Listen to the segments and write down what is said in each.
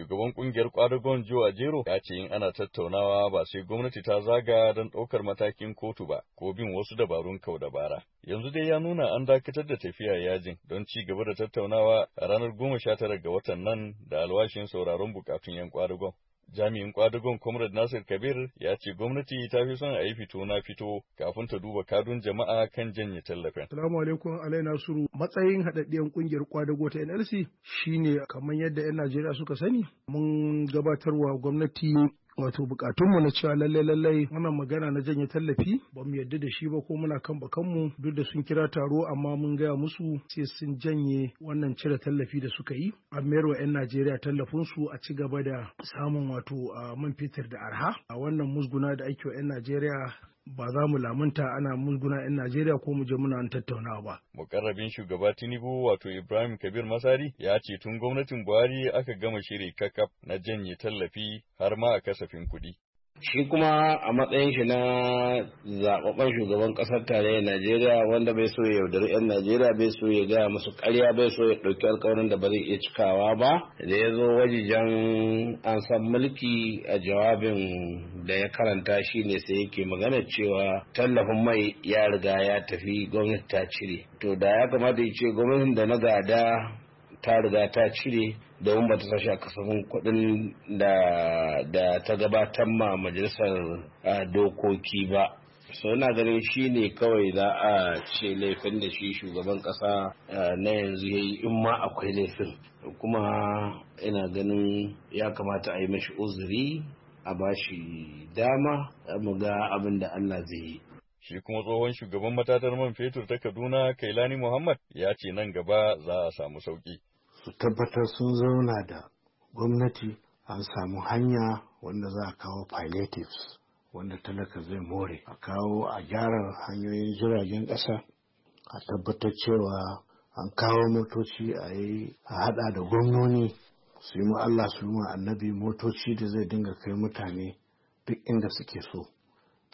Shugaban kungiyar kwadagon Joe jero ya ce in ana tattaunawa ba sai gwamnati ta zaga don ɗaukar matakin kotu ba ko bin wasu dabarun kau da bara Yanzu dai ya nuna an dakatar da tafiya yajin don ci gaba da tattaunawa a ranar goma sha tara ga watan nan da alwashin sauraron bukatun 'yan kwadagon. Jami'in kwadagon Comrade Nasir Kabir ya ce gwamnati ta fi son a yi fito na fito kafin ta duba kadun jama'a kan janye tallafin. Salamu alaikum Alai Nasiru matsayin haɗaɗɗiyar ƙungiyar kwadago ta NLC shine kamar yadda 'yan Najeriya suka sani mun gabatarwa gwamnati wato bukatunmu na cewa lallai lallai wannan magana na janye tallafi ba mu yadda da shi ba ko muna kan bakanmu duk da sun kira taro amma mun gaya musu sai sun janye wannan cire tallafi da suka yi a mayar wa 'yan Najeriya tallafin su a ci gaba da samun wato man fetur da arha a wannan musguna da ake wa 'yan Najeriya ba za mu lamunta ana mulguna 'yan Najeriya ko mu je muna tattaunawa ba. Mukarrabin shugaba Tinubu wato Ibrahim Kabir Masari ya ce tun gwamnatin Buhari aka gama shiri kakaf na janye tallafi har ma a kasafin kuɗi. shi kuma a matsayin shi na zababben shugaban kasar tarayyar najeriya wanda bai so ya yaudari 'yan najeriya bai so ya gaya musu karya bai so ya ɗauki alkawarin da ba zai iya cikawa ba da ya zo wajijen an san mulki a jawabin da ya karanta shi ne sai yake magana cewa tallafin mai ya riga ya tafi gwamnati ta cire to da ya kamata ya ce gwamnatin da na gada ta riga ta cire domin ba ta sashi a kasafin kuɗin da ta gabatar ma majalisar dokoki ba so na ganin shi ne kawai za a ce laifin da shi shugaban kasa na yanzu ya yi in ma akwai laifin kuma ina ganin ya kamata a yi mashi uzuri a bashi dama mu ga abin da Allah zai yi shi kuma tsohon shugaban matatar man fetur ta Kaduna Kailani Muhammad ya ce nan gaba za a samu sauki su tabbatar sun zauna da gwamnati an samu hanya wanda za a kawo palliatives wanda talaka zai more a kawo a gyara hanyoyin jiragen ƙasa a tabbatar cewa an kawo motoci a yi a hada da gwamnoni su yi Allah su yi annabi motoci da zai dinga kai mutane duk inda suke so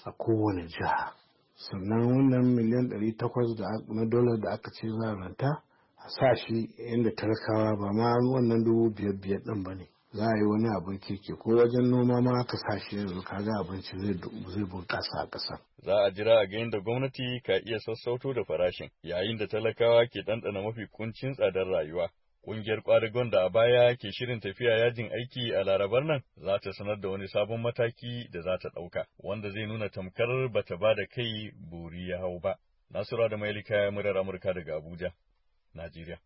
a kowane jiha sannan wannan miliyan 800 na dolar da aka ce za ranta a sa shi inda talakawa ba ma wannan dubu biyar biyar ɗin ba ne za a yi wani abin keke ko wajen noma ma aka sa shi yanzu abinci zai bunƙasa a ƙasa. Za a jira a ga yadda gwamnati ka iya sassauto da farashin yayin da talakawa ke ɗanɗana mafi kuncin tsadar rayuwa. Ƙungiyar ƙwadagon da a baya ke shirin tafiya yajin aiki a larabar nan za ta sanar da wani sabon mataki da za ta ɗauka, wanda zai nuna tamkar bata ba da kai buri ya hau ba. Nasura da Mailika murar Amurka daga Abuja. Najeriya.